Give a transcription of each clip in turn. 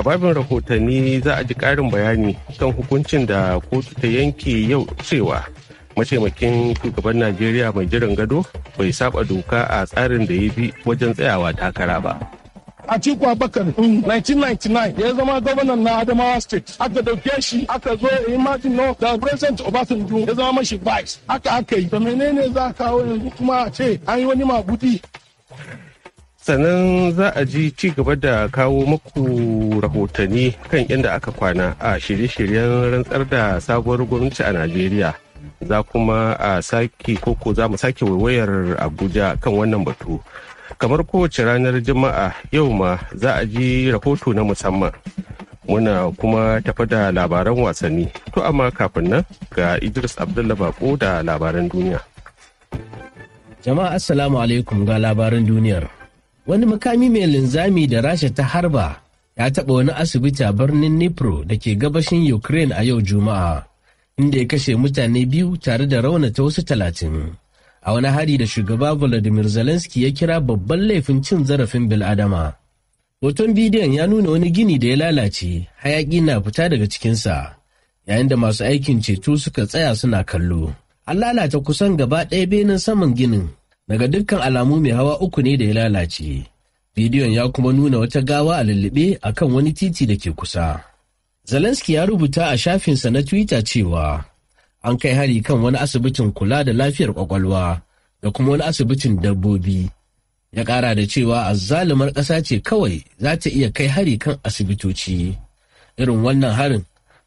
a babin rahotanni za a ji ƙarin bayani kan hukuncin da kotu ta yanke yau cewa mataimakin shugaban najeriya mai jiran gado bai saba doka a tsarin da ya bi wajen tsayawa takara ba a cikin abakar 1999 ya zama gwamnan na adamawa state aka dauke shi aka zo martin no da president obasanjo ya zama mashi vice aka aka yi da menene za a kawo yanzu kuma a ce an yi wani magudi sannan za a ji ci gaba da kawo maku rahotanni kan inda aka kwana a shirye-shiryen rantsar da sabuwar gwamnati a najeriya za kuma a sake koko za mu sake waiwayar abuja kan wannan batu kamar kowace ranar juma'a yau ma za a ji rahoto na musamman muna kuma tafa da labaran wasanni to amma kafin nan ga idris abdullah bako da labaran duniya jama'a assalamu alaikum ga labaran duniyar wani makami mai linzami da rasha ta harba ya taɓa wani asibiti a birnin nipro da ke gabashin ukraine a yau juma'a inda ya kashe mutane biyu tare da raunata wasu talatin a wani hari da shugaba volodymyr zelensky ya kira babban laifin cin zarafin bil'adama hoton bidiyon ya nuna wani gini da ya lalace hayaƙi na fita daga cikinsa yayin da masu aikin ceto suka tsaya suna kallo an lalata kusan gaba ɗaya benin saman ginin daga dukkan alamu mai hawa uku ne da ya lalace bidiyon ya kuma nuna wata gawa a lullube a kan wani titi da ke kusa zelensky ya rubuta a shafinsa na twitter cewa an kai hari kan wani asibitin kula da lafiyar ƙwaƙwalwa, da kuma wani asibitin dabbobi ya ƙara da cewa azzalumar ƙasa ce kawai za ta iya kai hari kan asibitoci irin wannan harin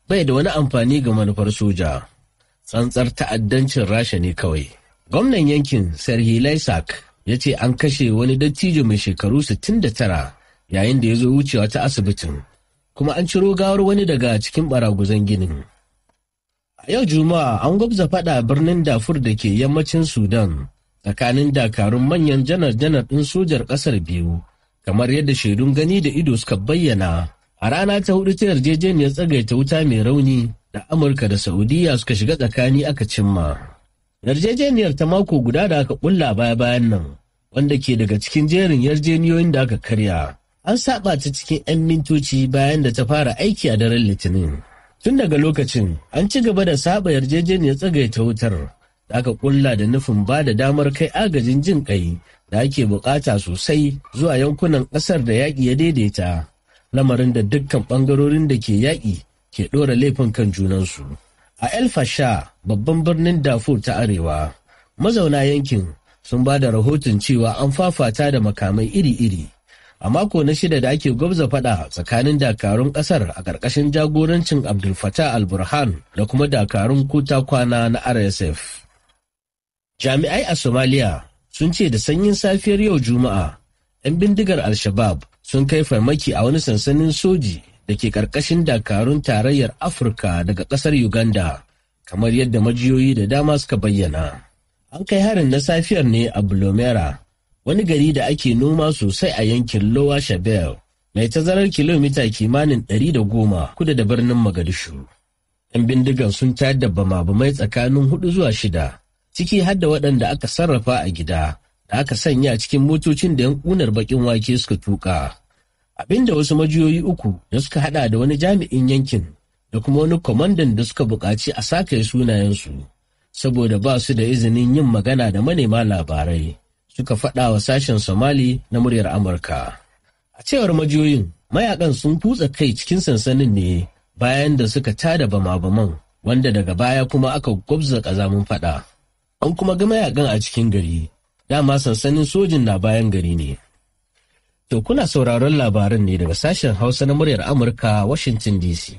bai da wani amfani ga manufar soja tsantsar ta'addancin rasha ne kawai Gwamnan yankin Sergei Lysak ya ce an kashe wani dattijo mai shekaru 69 yayin da ya zo wucewa ta asibitin, kuma an ciro gawar wani daga cikin baraguzan ginin. A yau Juma'a an gwabza faɗa birnin Dafur da ke yammacin Sudan tsakanin dakarun manyan janar-janar ɗin sojar ƙasar biyu, kamar yadda shaidun gani da ido suka bayyana. A rana ta hudu ta yarjejeniyar tsagaita wuta mai rauni da Amurka da Saudiya suka shiga tsakani aka cimma. Yarjejeniyar ta mako guda da aka ƙulla baya-bayan nan, wanda ke daga cikin jerin yarjeniyoyin da aka karya, an saba ta cikin 'yan mintoci bayan da ta fara aiki a daren Litinin. Tun daga lokacin, an ci gaba da saba yarjejeniyar tsagaita wutar da aka ƙulla da nufin ba da damar kai agajin jin ƙai da ake buƙata sosai zuwa yankunan ƙasar da yaƙi ya daidaita, lamarin da dukkan ɓangarorin da ke yaƙi ke ɗora laifin kan junansu. A El Fasha babban birnin Dafur ta Arewa, mazauna yankin sun ba da rahoton cewa an fafata da makamai iri-iri. A mako na shida da ake gwabza fada tsakanin dakarun kasar a ƙarƙashin jagorancin Abdul Fattah al-Burhan da kuma dakarun kuta kwana na RSF. Jami'ai a Somalia sun ce da sanyin safiyar yau Juma'a, 'yan bindigar Al-Shabab sun kai farmaki a wani sansanin soji da ke ƙarƙashin dakarun tarayyar Afirka daga ƙasar Uganda, kamar yadda majiyoyi da dama suka bayyana. An kai harin na safiyar ne a Blomera, wani gari da ake noma sosai a yankin Lowa shabel mai tazarar kilomita kimanin ɗari da goma kudu da birnin Magadishu. 'Yan bindigan sun tayar da bama-bamai tsakanin hudu zuwa shida, ciki har da waɗanda aka sarrafa a gida, da aka sanya cikin motocin da 'yan ƙunar baƙin wake suka tuka. abinda wasu majiyoyi uku da suka hada da wani jami'in yankin da kuma wani kwamandan da suka buƙaci a sake sunayensu saboda ba su da izinin yin magana da manema labarai suka faɗa wa sashen somali na muryar amurka a cewar majiyoyin mayakan sun kutsa kai cikin sansanin ne bayan da suka tada bama-baman wanda daga baya kuma aka gwabza ƙazamin faɗa an kuma ga mayakan a cikin gari dama sansanin sojin na bayan gari ne To kuna sauraron labaran ne daga sashen Hausa na muryar Amurka Washington DC.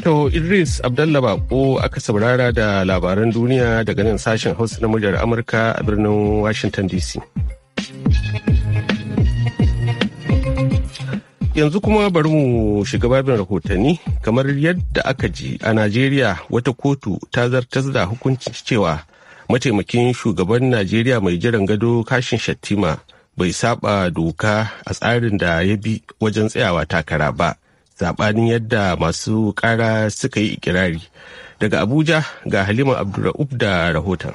To Idris Abdallah Bako aka saurara da labaran duniya daga nan sashen Hausa na muryar Amurka a birnin Washington DC. Yanzu kuma bari mu shiga babin rahotanni kamar yadda aka ji a Najeriya wata kotu ta zartas da hukuncin cewa mataimakin shugaban Najeriya mai jiran gado kashin Shattima bai saba doka a tsarin da ya bi wajen tsayawa takara ba, zabanin yadda masu ƙara suka yi ikirari. Daga Abuja ga Halima Abdulra'uf da rahoton.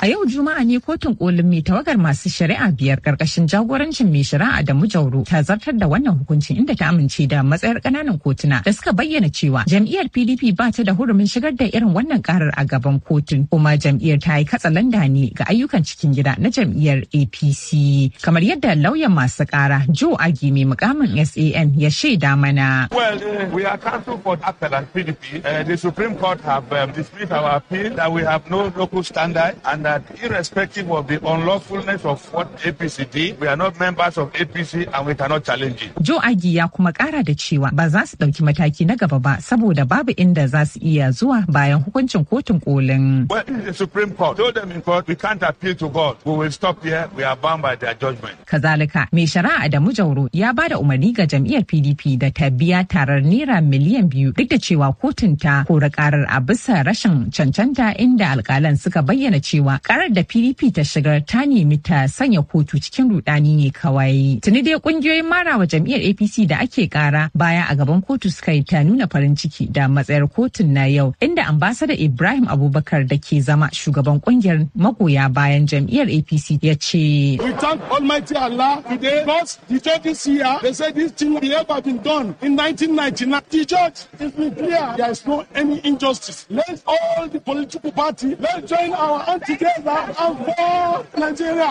A yau Juma'a ne kotun kolin mai tawagar masu shari'a biyar karkashin jagorancin mai shari'a da mujauru ta zartar da wannan hukuncin inda ta amince da matsayar kananan kotuna da suka bayyana cewa jam'iyyar PDP ba ta da hurumin shigar da irin wannan karar a gaban kotun kuma jam'iyyar ta yi katsalanda ne ga ayyukan cikin gida na jam'iyyar APC kamar yadda lauyan masu kara Joe Agi mai mukamin SAN ya shaida mana. Well, uh, we are counsel for PDP. Uh, eh, the Supreme Court have um, dismissed our appeal that we have no local that irrespective of the unlawfulness of what APC did, we are not members of APC and we cannot challenge it. Joe Agi ya kuma kara da cewa ba za su ɗauki mataki na gaba ba saboda babu inda za su iya zuwa bayan hukuncin kotun kolin. Well, the Supreme Court told them in court we can't appeal to God. We will stop here. We are bound by their judgment. Kazalika, mai shari'a da mujauro ya ba da umarni ga jam'iyyar PDP da ta biya tarar naira miliyan biyu duk da cewa kotun ta kora karar a bisa rashin cancanta inda alkalan suka bayyana cewa karar da PDP ta shigar ta nemi ta sanya kotu cikin rudani ne kawai. Tuni dai kungiyoyin mara wa jam'iyyar APC da ake kara baya a gaban kotu suka yi ta nuna farin ciki da matsayar kotun na yau inda ambasada Ibrahim Abubakar da ke zama shugaban kungiyar magoya bayan jam'iyyar APC ya ce. We thank Almighty Allah today because the here they say this thing ever been done in 1999. The church is been clear there is no any injustice. Let all the political party let join our anti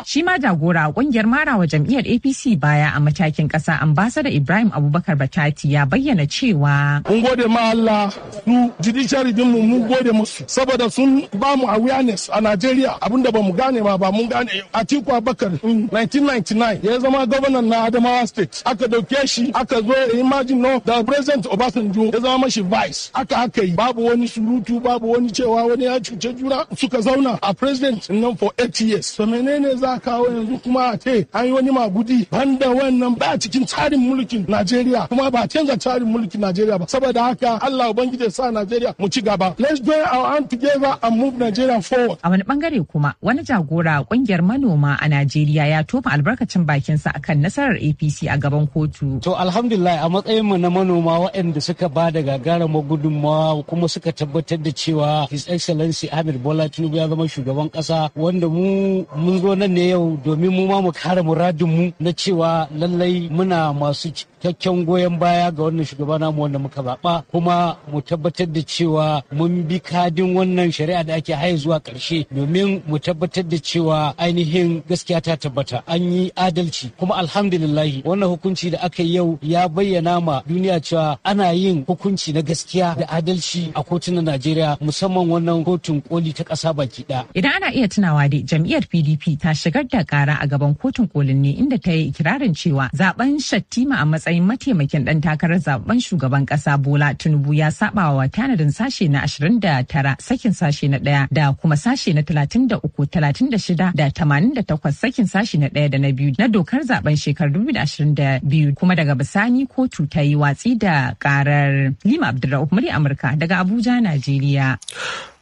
Shi ma jagora a kungiyar marawa jam'iyyar APC baya a matakin kasa ambasada Ibrahim Abubakar Batati ya bayyana cewa. Mun gode ma Allah su judiciary din mu mun gode musu saboda sun ba mu awareness a Najeriya abinda ba mu gane ma ba mun gane a Atiku Abubakar 1999 mm, ya zama gwamnan na Adamawa State aka dauke shi aka zo imagine no da President Obasanjo ya zama mashi vice aka aka yi babu wani surutu babu wani cewa wani ya cuce juna suka zauna a president presidancin nan for eight years to menene za kawo yanzu kuma a ce an yi wani magudi banda wannan ba cikin tsarin mulkin Najeriya kuma ba canza tsarin mulkin Najeriya ba saboda haka Allah ubangiji sa Najeriya mu ci gaba let's join our hand together and move Nigeria forward a wani bangare kuma wani jagora kungiyar manoma a Najeriya ya tofa albarkacin bakinsa akan nasarar APC a gaban kotu to alhamdulillah a matsayin mu na manoma waɗanda suka ba da gagarumar gudunmawa kuma suka tabbatar da cewa his excellency Ahmed Bola Tinubu ya zama shugaban ƙasa wanda mu mun zo nan ne yau domin mu ma mu kare muradinmu na cewa lallai muna masu cikakken goyon baya ga wannan shugaba namu wanda muka zaɓa kuma mu tabbatar da cewa mun bi kadin wannan shari'a da ake haye zuwa ƙarshe domin mu tabbatar da cewa ainihin gaskiya ta tabbata an yi adalci kuma alhamdulillahi wannan hukunci da aka yi yau ya bayyana ma duniya cewa ana yin hukunci na gaskiya da adalci a kotunan Najeriya musamman wannan kotun koli ta ƙasa baki ɗaya. Idan ana iya tunawa dai jam'iyyar pdp ta shigar da kara a gaban kotun kolin ne inda ta yi ikirarin cewa zaben shattima a matsayin mataimakin dan takarar zaben shugaban kasa bola tinubu ya saba wa tanadin sashe na 29 sakin sashe na daya da kuma sashe na 33 36 da 88 sakin sashe na daya da na biyu na dokar zaben shekarar 2022 kuma daga bisani kotu ta yi watsi da karar lima abdulrahman amurka daga abuja najeriya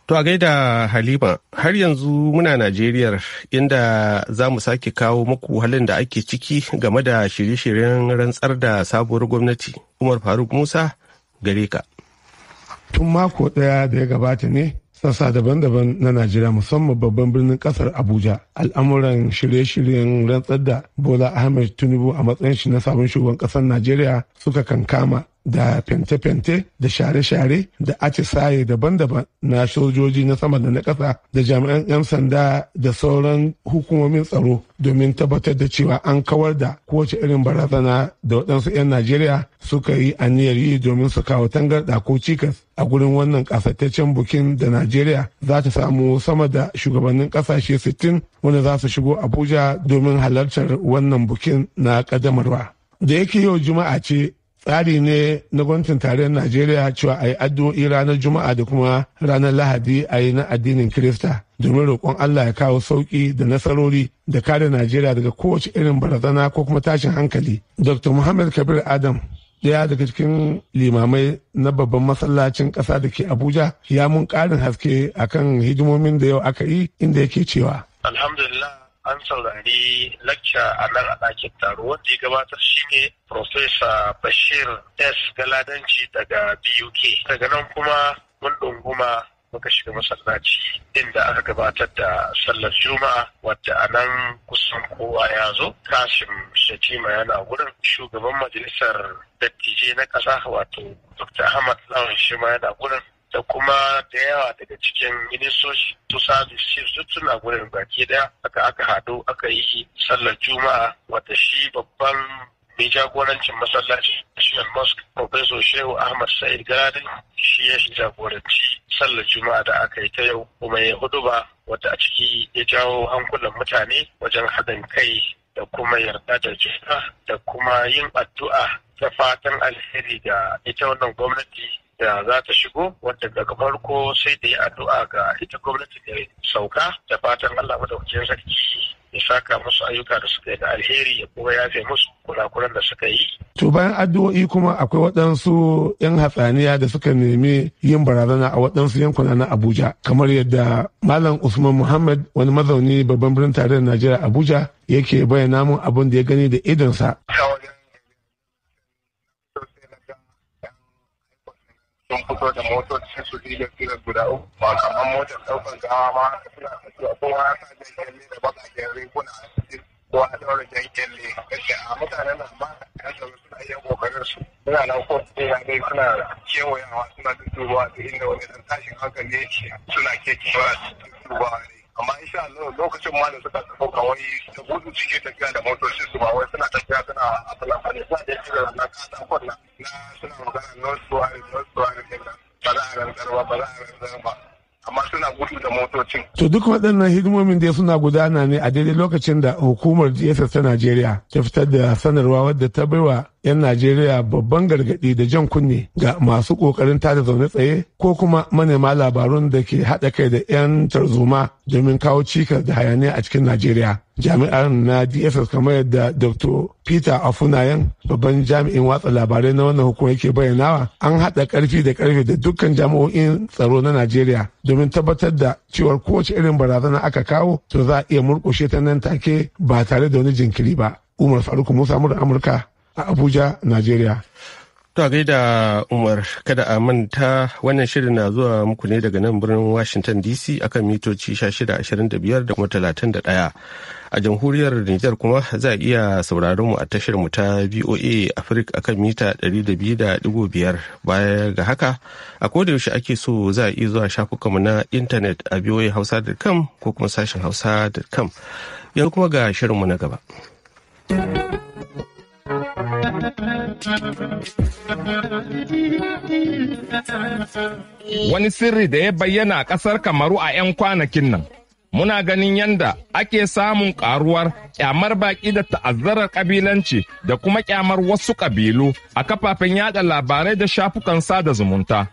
To a gaida Halima, har yanzu muna Najeriya inda za mu sake kawo muku halin da ake ciki game da shirye-shiryen rantsar da sabuwar gwamnati. Umar Faruk Musa gare ka. Tun mako ɗaya da ya gabata ne sassa daban-daban na Najeriya musamman babban birnin ƙasar Abuja al'amuran shirye-shiryen rantsar da Bola Ahmed Tinubu a matsayin shi na sabon shugaban ƙasar Najeriya suka kankama da fente-fente da share-share da atisaye daban-daban na sojoji na sama da na ƙasa da jami'an 'yan sanda da sauran hukumomin tsaro domin tabbatar da cewa an kawar da kowace irin barazana da waɗansu 'yan najeriya suka yi aniyar yi domin su kawo tangarɗa ko cikas a gurin wannan ƙasataccen bukin da najeriya za ta samu sama da shugabannin ƙasashe sittin, wanda za su shigo abuja domin halartar wannan bukin na ƙaddamarwa da yake yau juma'a ce tsari ne na gwamnatin tarayyar najeriya cewa a yi addu'o'i ranar juma'a da kuma ranar lahadi a yi na addinin kirista domin roƙon allah ya kawo sauki da nasarori da kare najeriya daga kowace irin barazana ko kuma tashin hankali dr muhammad kabir adam daya daga cikin limamai na babban masallacin ƙasa da ke abuja ya mun ƙarin haske akan hidimomin da yau aka yi inda yake cewa alhamdulillah an saurari lacca a nan a ɗakin taro wanda ya gabatar shi ne Profesa Bashir S. Galadanci daga BUK. Daga nan kuma mun ɗunguma muka shiga masallaci inda aka gabatar da sallar juma'a wadda a nan kusan kowa ya zo kashim shatima yana wurin shugaban majalisar dattijai na ƙasa wato dr ahmad lawan shima yana wurin da kuma da yawa daga cikin ministoci to service chiefs duk suna gurin baki daya aka aka haɗu aka yi sallar juma'a wata shi babban mai jagorancin masallaci National Mosque Professor Shehu Ahmad Sa'id Galadin shi ya jagoranci sallar juma'a da aka yi ta yau kuma ya hudu ba wata a ciki ya jawo hankulan mutane wajen haɗin kai da kuma yarda da juna da kuma yin addu'a ta fatan alheri ga ita wannan gwamnati da za ta shigo wadda daga farko sai da yi addu'a ga ita gwamnati da sauka da fatan Allah wajen sarki ya saka musu ayyuka da suka yi da alheri ya kuma yafe musu kurakuran da suka yi. To bayan addu'o'i kuma akwai waɗansu 'yan hatsaniya da suka nemi yin barazana a waɗansu yankuna na Abuja kamar yadda Malam Usman Muhammad wani mazauni babban birnin tarayyar Najeriya Abuja yake bayyana mun abin da ya gani da idonsa. Kawai sun fito da motocin su filin filin guda uku ba kamar motar ɗaukar gawa ba suna tafiya kowa ya sa jan kyalle da baka riguna a cikin kowa ya ɗaura jan kyalle a mutanen nan ba ya suna iya kokarin su suna na ko ina dai suna kewayawa suna dudduba da inda wani tashin hankali yake suna kekewa dudduba ne amma insha Allah lokacin ma da suka tafi kawai da gudu suke tafiya da motoci su ba wai suna tafiya suna a falafani suna da shi da na katakon na suna magana north suwari north suwari ba za a rantsar ba ba za a rantsar ba amma suna gudu da motocin. To duk waɗannan hidimomin da suna gudana ne a daidai lokacin da hukumar DSS ta Najeriya ta fitar da sanarwa wadda ta baiwa 'yan Najeriya babban gargaɗi da jan kunne ga masu ƙoƙarin tada zaune tsaye ko kuma manema labarun da ke haɗa kai da 'yan tarzoma domin kawo cikas da hayaniya a cikin Najeriya. Jami'ar na DSS kamar yadda Dr. Peter Afunayen babban jami'in watsa labarai na wannan hukuma yake bayyanawa an haɗa ƙarfi da ƙarfi da dukkan jami'o'in tsaro na Najeriya domin tabbatar da cewar kowace irin barazana aka kawo to za a iya murƙushe ta nan take ba tare da wani jinkiri ba. Umar Faruk Musa Amurka a Abuja, Najeriya. To a gaida Umar kada a manta wannan shirin na zuwa muku ne daga nan birnin Washington DC akan mitoci 1625 da kuma 31. A jamhuriyar Nijar kuma za a iya sauraron mu a tashar mu ta VOA Africa akan mita 200.5 baya ga haka a koda yaushe ake so za a iya zuwa shafukanmu na intanet a Hausa.com ko kuma sashen hausa.com yanzu kuma ga shirinmu na gaba. Wani sirri da ya bayyana a ƙasar Kamaru a 'yan kwanakin nan. Muna ganin yanda ake samun ƙaruwar ƙyamar baƙi da ta'azzarar ƙabilanci da kuma ƙyamar wasu ƙabilu a kafafen yada labarai da shafukan sada zumunta.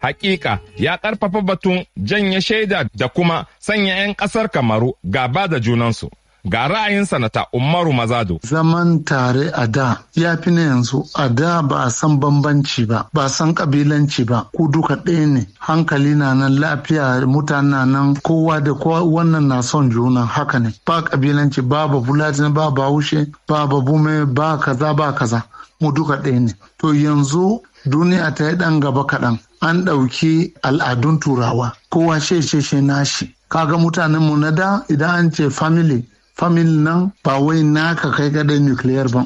Hakika ya ƙarfafa batun janye shaida da kuma sanya 'yan ƙasar Kamaru gaba da junansu. Ga ra'ayin sanata Umaru Mazado. Zaman tare a da ya fi na yanzu a da ba a san bambanci ba, ba a san kabilanci ba, ku duka ɗaya ne. Hankali na nan lafiya mutane na nan kowa da kowa wannan na son juna haka ne. Ba kabilanci ba ba Fulatin ba Bahaushe ba ba Bume ba kaza ba kaza. Mu duka ɗaya ne. To yanzu duniya ta yi ɗan gaba kaɗan. An ɗauki al'adun turawa. Kowa shi. nashi. Kaga mutanenmu na da idan an ce family famil nan ba wai naka kai kadai nuclear ba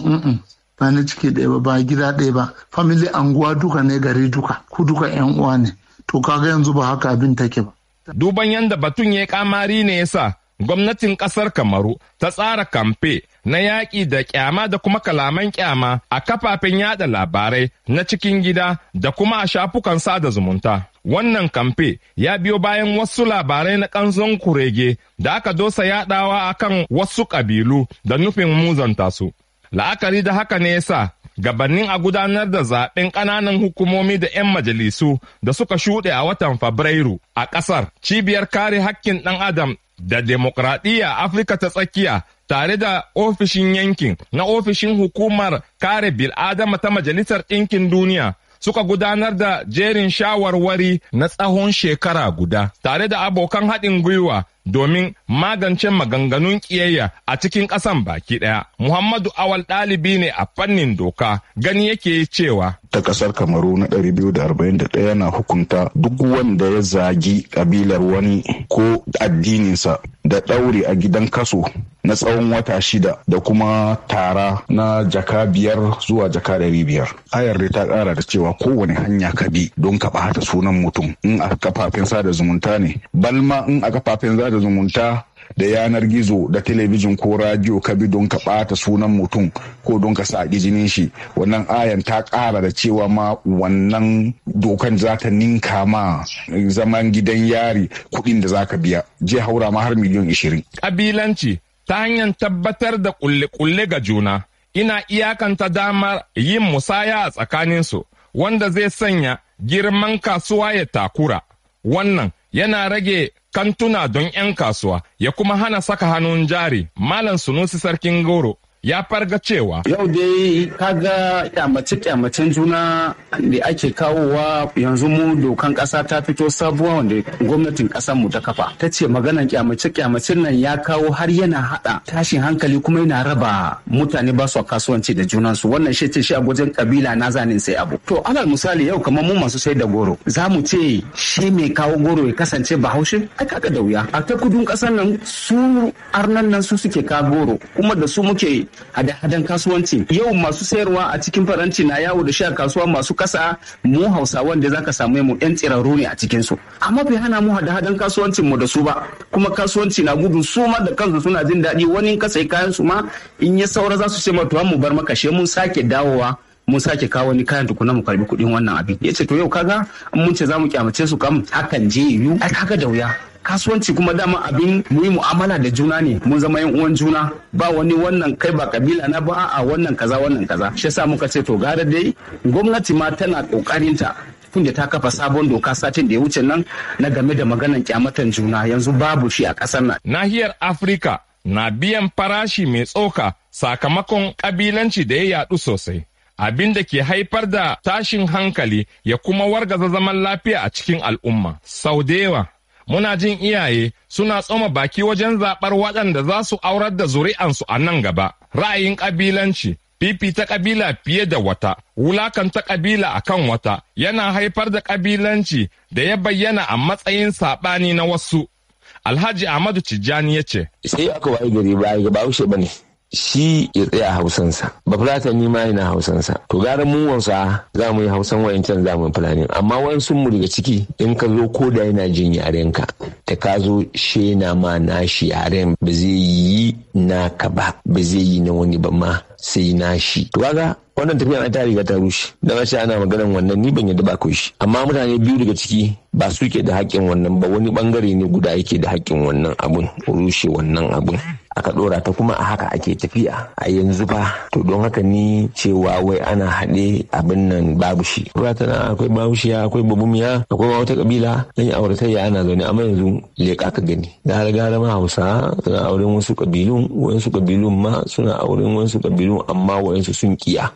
ba na ciki ɗaya ba ba gida ɗaya ba family anguwa duka ne gari duka ku duka yan uwa ne to kaga yanzu ba haka abin take ba duban yanda batun ya kamari ne yasa gwamnatin ƙasar kamaru ta tsara kamfe na yaƙi da ƙyama da kuma kalaman kyama a kafafen yada labarai na cikin gida da kuma a shafukan sada zumunta. Wannan kamfe ya biyo bayan wasu labarai na ƙanzon kurege da aka dosa yaɗawa a kan wasu ƙabilu da nufin muzanta su. La'akari da haka ne yasa gabanin a gudanar da zaɓen ƙananan hukumomi da 'yan majalisu da suka shuɗe a watan Fabrairu a ƙasar cibiyar kare haƙƙin ɗan adam da demokradiyya Afirka ta tsakiya tare da ofishin yankin na ofishin hukumar kare bil'adama ta Majalisar Ɗinkin Duniya suka gudanar da jerin shawarwari na tsawon shekara guda tare da abokan haɗin gwiwa domin magance maganganun ƙiyayya a cikin ƙasan baki ɗaya. Muhammadu Awal ɗalibi ne a fannin doka gani yake cewa. Ta ƙasar Kamaru na 241 na hukunta duk wanda ya zagi ƙabilar wani ko addininsa da ɗaure a gidan kaso na tsawon wata shida da kuma tara na jaka biyar zuwa jaka ɗari biyar. Ayar dai ta ƙara da cewa kowane hanya ka bi don ka ɓata sunan mutum in a kafafen sada zumunta ne. Balma in a kafafen sada zumunta da yanar gizo da telebijin ko radio ka bi don ka ɓata sunan mutum ko don ka sa jinin shi wannan ayan ta ƙara da cewa ma wannan dokan za ta ninka ma zaman gidan yari kuɗin da za ka biya je haura ma har miliyan ishirin. Kabilanci ta hanyar tabbatar da kulle-kulle ga juna ina iyakanta damar yin musaya a tsakaninsu wanda zai sanya girman kasuwa ya takura. Wannan yana rage kantuna don 'yan kasuwa ya kuma hana saka hannun jari Malam Sunusi Sarkin Goro ya farga cewa. Yau dai kaga kyamace-kyamacen juna da ake kawowa yanzu mu dokan ƙasa ta fito sabuwa wanda gwamnatin kasar mu ta kafa. Ta ce maganan kyamace-kyamacen nan ya kawo har yana haɗa tashin hankali kuma yana raba mutane ba su kasuwanci da junansu wannan shi ce shi a gwajin kabila na zanin sai abu. To ana misali yau kamar mu masu sai da goro za mu ce shi mai kawo goro ya kasance bahaushe ai kaga da wuya. A ta kudun kasar nan su arnan nan su suke kawo goro kuma da su muke hada-hadan kasuwanci yau masu sayarwa a cikin faranti na yawo da shi a kasuwa masu kasa mu hausawan da zaka samu mu yan tsiraru ne a cikin su amma bai hana mu hada-hadan kasuwancin mu da su ba kuma kasuwanci na gudu su ma da kansu suna jin daɗi wani ka sai kayan su ma in ya saura za su ce ma to mu bar maka she mun sake dawowa mun sake kawo wani kayan tukuna mu karbi kuɗin wannan abin ya ce to yau kaga mun ce zamu mu kyamace su kam hakan je yiwu ai kaga da wuya kasuwanci kuma dama abin mu yi mu'amala da juna ne mun zama yan uwan juna ba wani wannan kai ba kabila na ba a wannan kaza wannan kaza shi yasa muka ce to gara dai gwamnati ma tana kokarin ta tunda ta kafa sabon doka satin da ya wuce nan na game da maganan kyamatan juna yanzu babu shi a kasar nan nahiyar afirka na biyan farashi mai tsoka sakamakon kabilanci da ya yadu sosai abin da ke haifar da tashin hankali ya kuma wargaza zaman lafiya a cikin al'umma sau da yawa muna jin iyaye suna tsoma baki wajen zaɓar waɗanda za su aurar da zuri'ansu a nan gaba. Ra'ayin ƙabilanci, fifi ta ƙabila fiye da wata, wulakan ta ƙabila a kan wata, yana haifar da ƙabilanci da ya bayyana a matsayin saɓani na wasu. Alhaji Ahmadu Tijjani ya ce. Sai aka waye gari ba haushe ba ne. shi ya tsaya hausansa ba ni ma yana hausansa to gara mu wasa za mu yi hausan wayancan za mu yi fulani amma wasu mu daga ciki in ka zo ko da yana jin yarenka ta ka zo she na ma na shi yaren ba zai yi na ka ba ba zai yi na wani ba ma sai na shi to kaga wannan tafiya ta riga ta rushe da ana maganar wannan ni ban yadda ba ko shi amma mutane biyu daga ciki ba su ke da haƙƙin wannan ba wani bangare ne guda yake da haƙƙin wannan abun rushe wannan abun aka ɗora ta kuma a haka ake tafiya a yanzu ba to don haka ni cewa wai ana haɗe abin nan babu shi ruwa tana akwai babushiya akwai babumiya akwai wata kabila dan yi auratayya ana zaune amma yanzu leƙa ka gani gara gara ma hausa suna auren wasu kabilun wasu kabilun ma suna auren wasu kabilun amma wayansu sun kiya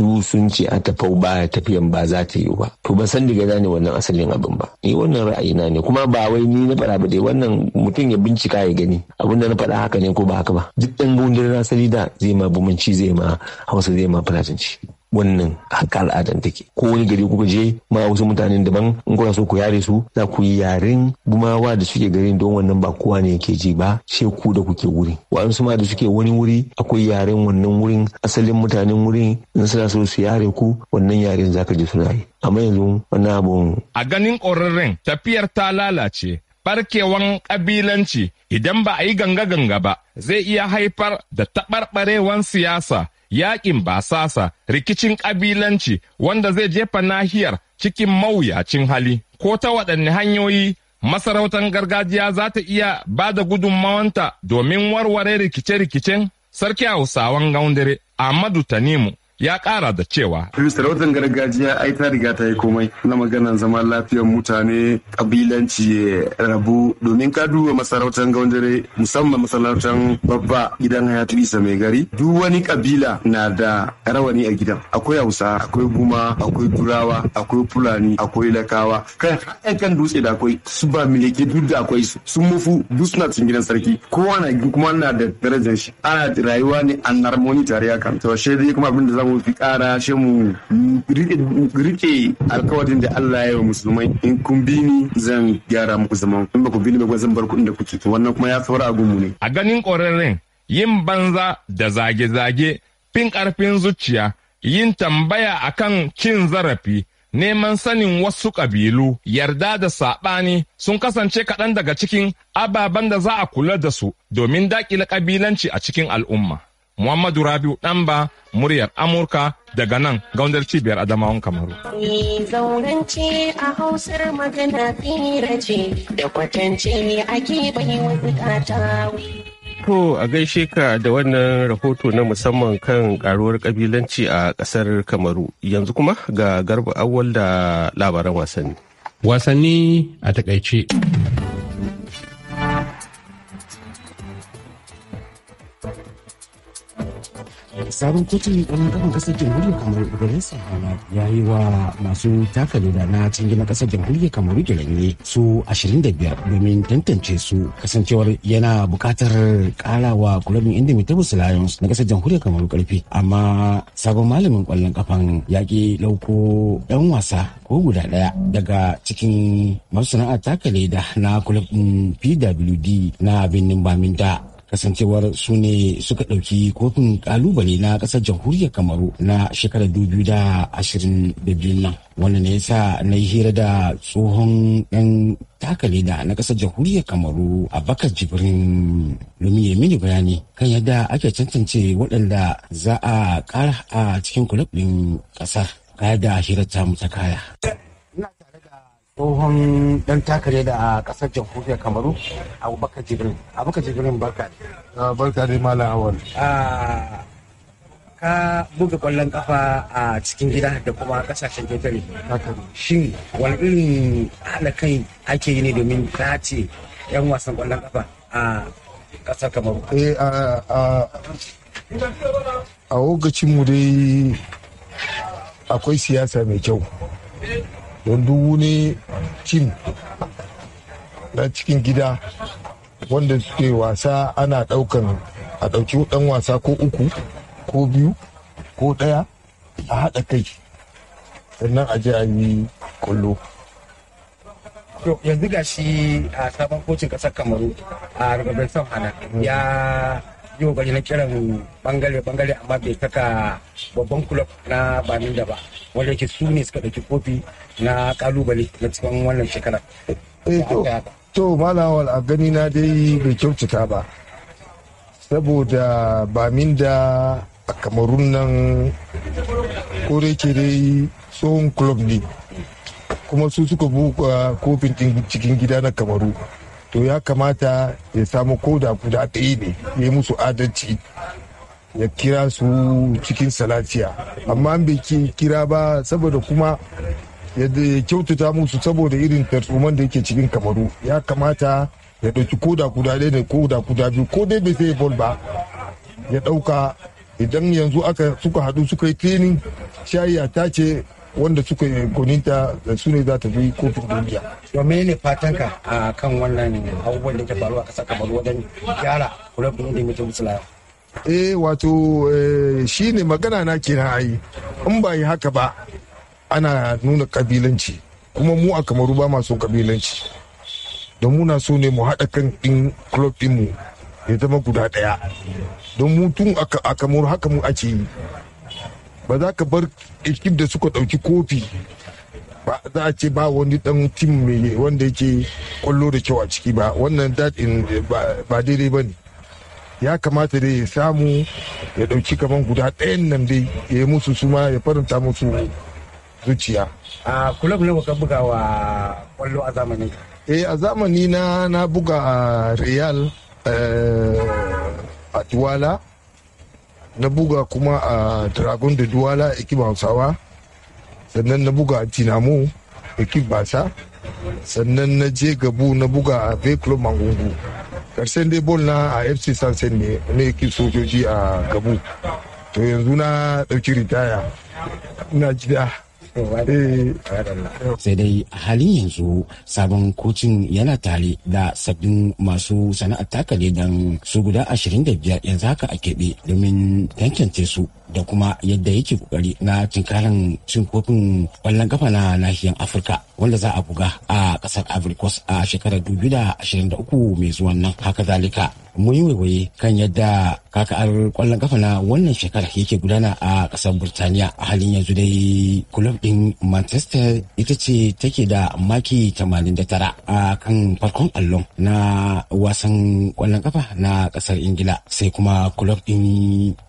su sun ce a tafau ba tafiyan ba za ta yi ba to ban san daga ne wannan asalin abin ba ni wannan ra'ayina ne kuma ba wai ni na fara ba dai wannan mutum ya bincika ya gani abin da na faɗa haka ne ko ba haka ba duk ɗan gundun asali da zai ma bumanci zai ma hausa zai ma fulatanci wannan haka al'adan take ko wani gari kuka je ma wasu mutanen daban in kuna so ku yare su za ku yi yaren gumawa da suke garin don wannan ba kowa ne yake ji ba sai ku da kuke wuri wa'ansu ma da suke wani wuri akwai yaren wannan wurin asalin mutanen wurin in suna so su yare ku wannan yaren zaka ji suna yi amma yanzu wannan abun a ganin ƙorarren tafiyar ta lalace barkewan kabilanci idan ba a yi ganga-ganga ba zai iya haifar da taɓarɓarewan siyasa yakin basasa, rikicin ƙabilanci wanda zai jefa nahiyar cikin mawuyacin hali. Ko ta waɗanne hanyoyi masarautar gargajiya za ta iya ba da gudunmawanta domin warware rikice-rikicen sarki Hausawan Gaundare Ahmadu Tanimu ya kara da cewa. Sarautar gargajiya ai ta riga ta yi komai na maganar zaman lafiyar mutane kabilanci rabu domin ka duba masarautar gaundare musamman masarautar babba gidan hayatu isa mai gari duk wani kabila na da rawani a gidan akwai hausa akwai guma akwai turawa akwai fulani akwai lakawa kai kan dutse da akwai su ba miliki duk da akwai su sun mufu duk suna cikin gidan sarki kowa na kuma na da darajar shi ana rayuwa ne an harmoni tare kan to shi dai kuma abin da mu fi ƙara shi mu rike alkawarin da Allah ya yi wa musulmai in kun bi ni zan gyara muku zaman in ba ku bi ni ba zan bar kuɗin da kuke to wannan kuma ya saura a gunmu ne. A ganin ƙwararren yin banza da zage-zage fin ƙarfin zuciya yin tambaya akan cin zarafi neman sanin wasu ƙabilu yarda da saɓani sun kasance kaɗan daga cikin ababen da za a kula da su domin daƙile ƙabilanci a cikin al'umma. Muhammadu Rabiu Ɗanba muryar Amurka daga nan gaundar cibiyar Adamawan Kamaru. Ni zaurance a hausar magana fira ce da kwatance ake bai wa To a gaishe ka da wannan rahoto na musamman kan karuwar kabilanci a ƙasar Kamaru yanzu kuma ga garba awwal da labaran wasanni. Wasanni a takaice. sabon kotun ɗan ƙasan kasar jamhuriyar kamaru garin sahara ya yi wa masu taka leda na na ƙasar jamhuriyar kamaru gelanye su 25 domin tantance su kasancewar yana buƙatar kara wa kulabin indomitable lions na ƙasar jamhuriyar kamaru ƙarfi amma sabon malamin kwallon kafan ya ƙi ɗauko 'yan wasa ko guda ɗaya daga cikin masu sana'a taka leda na kulabin pwd na birnin baminta kasancewar su ne suka ɗauki kofin kalubale na ƙasar jamhuriyar kamaru na shekarar dubu da ashirin da biyu nan wannan ne yasa na yi hira da tsohon ɗan takale da na ƙasar jamhuriyar kamaru abakar jibrin domin ya mini bayani kan yadda ake cancance waɗanda za a ƙara a cikin kulab ɗin ƙasar kaya da hira ta mu kaya. tsohon dan takare da a kasar jamhuriyar kamaru abubakar jibrin abubakar jibrin barka ne barka ne malam awal ka buga kwallon kafa a cikin gida da kuma kasashen ketare shin wani irin haɗa kai ake yi ne domin dace yan wasan kwallon kafa a kasar kamaru eh, a lokacin mu dai akwai siyasa mai kyau don duk wani cin na cikin gida wanda suke wasa ana daukan a dauki dan wasa ko uku ko biyu ko daya a haɗa kai sannan a je an yi kwallo to yanzu ga a sabon kocin ƙasar kamaru a rubutun hana ya yau kokari na kiran bangare bangare amma bai saka babban kulob na da ba wanda yake su ne suka ɗauki kofi na kalubale na cikin wannan shekarar. Eh, to malawal a gani na dai bai kyautata ba saboda bamin da a kamarun nan kore ke dai tsohon kulob ne kuma su suka buga kofin cikin gida na kamaru to ya kamata ya samu koda guda ɗaya ne ya yi musu adalci ya kira su cikin salatiya amma an bai kira ba saboda kuma ya kyautata musu saboda irin tarzoman da yake cikin kamaru ya kamata ya ɗauki koda guda ɗaya da koda guda biyu ko dai bai sai bol ba ya ɗauka idan yanzu aka suka haɗu suka yi training shayi ta ce wanda suka goninta su ne za ta fi kofin duniya. to fatan fatanka a kan wannan abubuwan da ke faru a ƙasar kamar wajen gyara kuma kuma da mutum eh wato eh, shi ne magana na kenan ayi in ba yi haka ba ana nuna kabilanci kuma mu a kamaru ba masu kabilanci don muna so ne mu haɗa kan ɗin club ɗinmu ya zama guda ɗaya don mu a kamar haka mu ake yi ba za ka bar ekip da suka ɗauki kofi ba za a ce ba wani dan tim mai wanda yake kwallo da kyau a ciki ba wannan daɗin ba daidai ba ne ya kamata dai ya samu ya ɗauki kaman guda ɗayan nan dai ya yi musu suma ya faranta musu zuciya a kula kula ka buga wa kwallo a zamanin eh a zamani na na buga a real eh, a tuwala na buga kuma a dragon da duwala ekip hausawa sannan na buga a dinamo ekip basa sannan na je gabu na buga a bay club mangungu karshen dai bol na a fc sansen ne na ekip sojoji a gabu to yanzu na dauki ritaya ina gida Eh. sai dai a halin yanzu sabon kocin yana tare da sabbin masu sana'ar taka ledan su guda 25 yanzu haka a keɓe domin tantance su da kuma yadda yake kokari na cinkarin cin kofin kwallon kafa na nahiyar afirka wanda za a buga a kasar ivory coast a shekarar 2023 mai zuwan nan haka zalika mun yi waiwaye kan yadda kakar kwallon kafa na wannan shekarar yake gudana a kasar burtaniya a halin yanzu dai kulob din manchester ita ce take da maki 89 a kan farkon allon na wasan kwallon kafa na kasar ingila sai kuma kulob din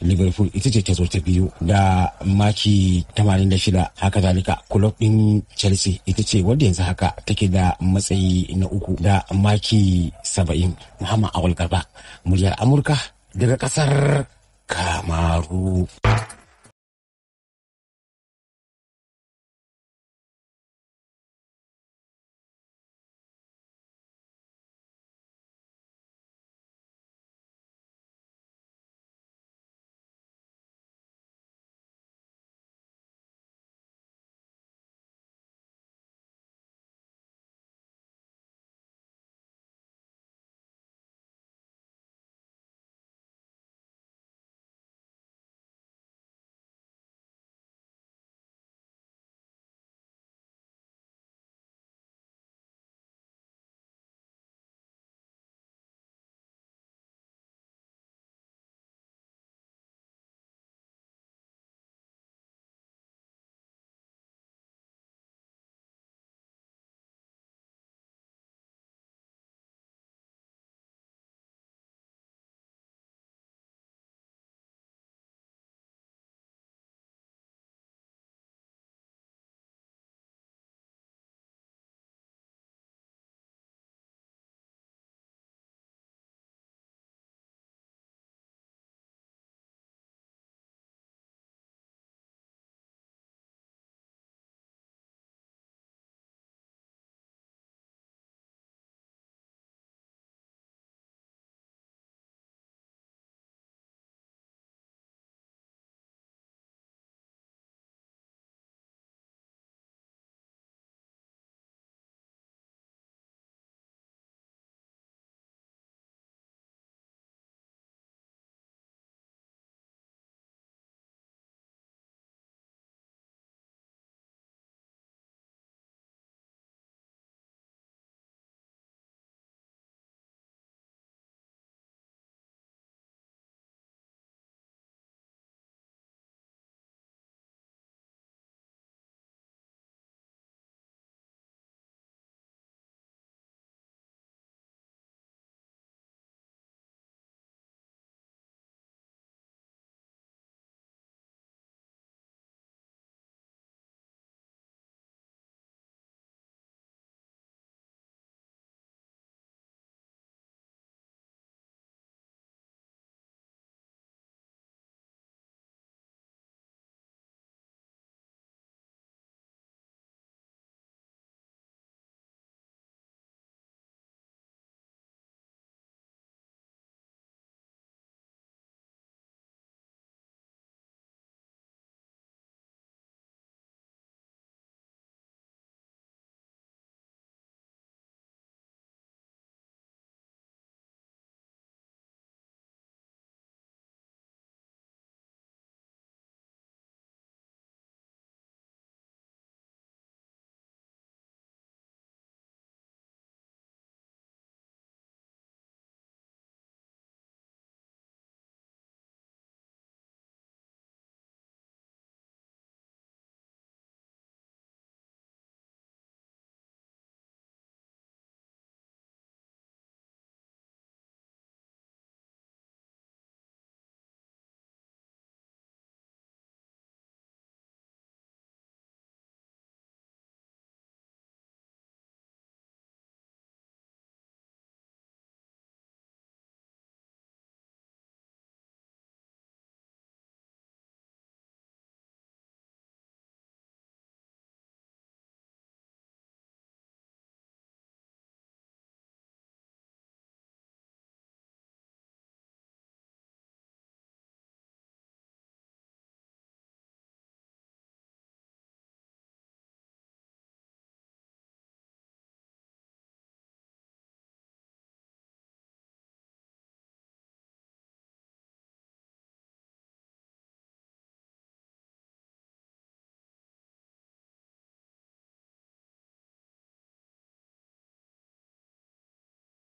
liverpool ita ce ta zo ta biyu da maki 86 haka zalika kulob din chelsea ita ce wadda yanzu haka take da matsayi na uku da maki 70 muhammad awal garba muryar amurka daga kasar kamaru